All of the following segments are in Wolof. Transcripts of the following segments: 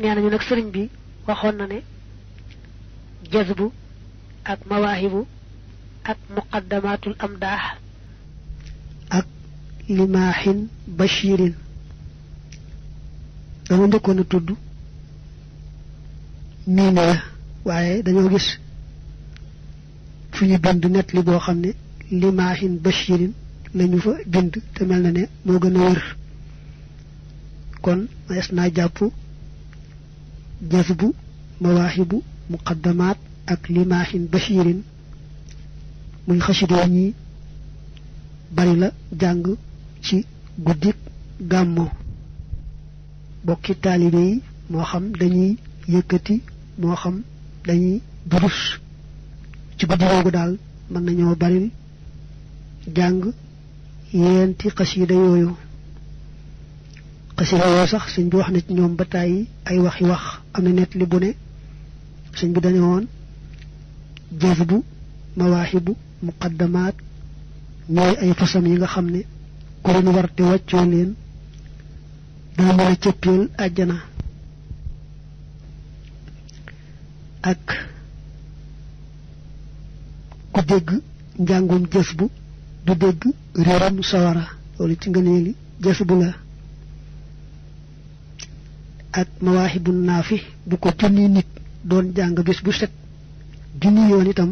nee nañu nag sëriñ bi waxoon na ne jazbu ak mawaahibu ak muqaddamatul amdaax ak limaaxin bashirin dama njëkkoon a tudd miime waaye dañoo gis fu ñu bind net li boo xam ne limaaxin bashirin lañu fa bind te mel na ne moo gën a wér kon ma naa jàpp jazbu mawaahibu muqaddamaat ak limaahin bashirin muy xasida yi ñi bari la jàng ci guddik gàmmo bokki taalibe yi moo xam dañuy yëkkati moo xam dañuy durus ci guddi googu daal mën nañoo baril jàng yeenti xasida yooyu xasida yoo sax señ bi wax na ci ñoom ba tàyyi ay waxi wax amna net li bu ne señ bi dañu won jazbu mawahibu muqaddamat moy ay fasam yi nga xamne ko ñu war te waccio leen da mën la ceppel aljana ak ku dégg njàngum jazbu du dégg reeram sawara loolu ci ngëneeli jazbu la ak mawaahibu nafi bu ko junni nit doon jàng bis bu set junni yoon itam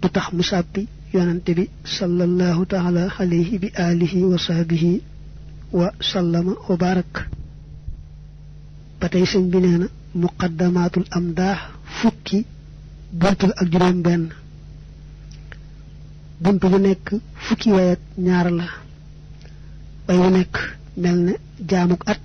du tax mu sàppi yonante bi sallallahu taala alayhi bi alihi wa sahbihi wa sallama wa barak ba tey sëñ bi nee na amdaax fukki bunt ak juróom benn bunt bu nekk fukki wayat ñaar la way bu nekk mel ne jaamuk at